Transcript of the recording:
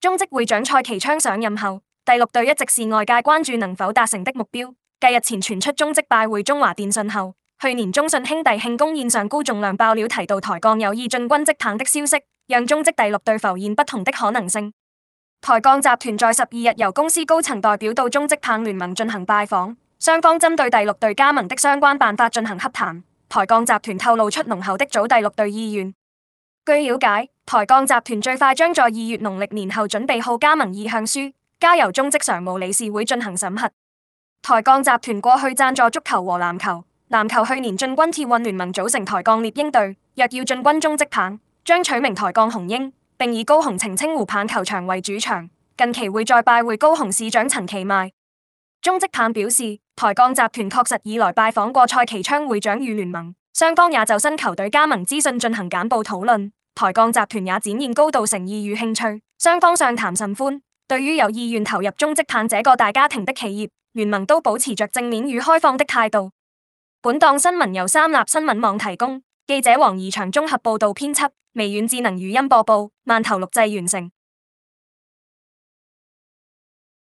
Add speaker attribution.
Speaker 1: 中職會長蔡其昌上任後，第六隊一直是外界關注能否達成的目標。繼日前傳出中職拜會中華電信後，去年中信兄弟慶功宴上高仲亮爆料提到台鋼有意進軍職棒的消息，讓中職第六隊浮現不同的可能性。台鋼集團在十二日由公司高層代表到中職棒聯盟進行拜訪，雙方針對第六隊加盟的相關辦法進行洽談。台鋼集團透露出濃厚的組第六隊意願。據了解，台鋼集團最快將在二月農曆年後準備好加盟意向書，交由中職常務理事會進行審核。台鋼集團過去贊助足球和籃球，籃球去年進軍鐵運聯盟組成台鋼獵鷹隊，若要進軍中職棒，將取名台鋼雄鷹，並以高雄澄清湖棒球場為主場。近期會再拜會高雄市長陳其邁。中職棒表示，台鋼集團確實以來拜訪過蔡其昌會長與聯盟。雙方也就新球隊加盟資訊進行簡報討論，台鋼集團也展現高度誠意與興趣，雙方相談甚歡。對於有意願投入中職棒這個大家庭的企業，聯盟都保持着正面與開放的態度。本檔新聞由三立新聞網提供，記者黃怡翔綜合報道編輯，微軟智能語音播報，萬頭錄製完成。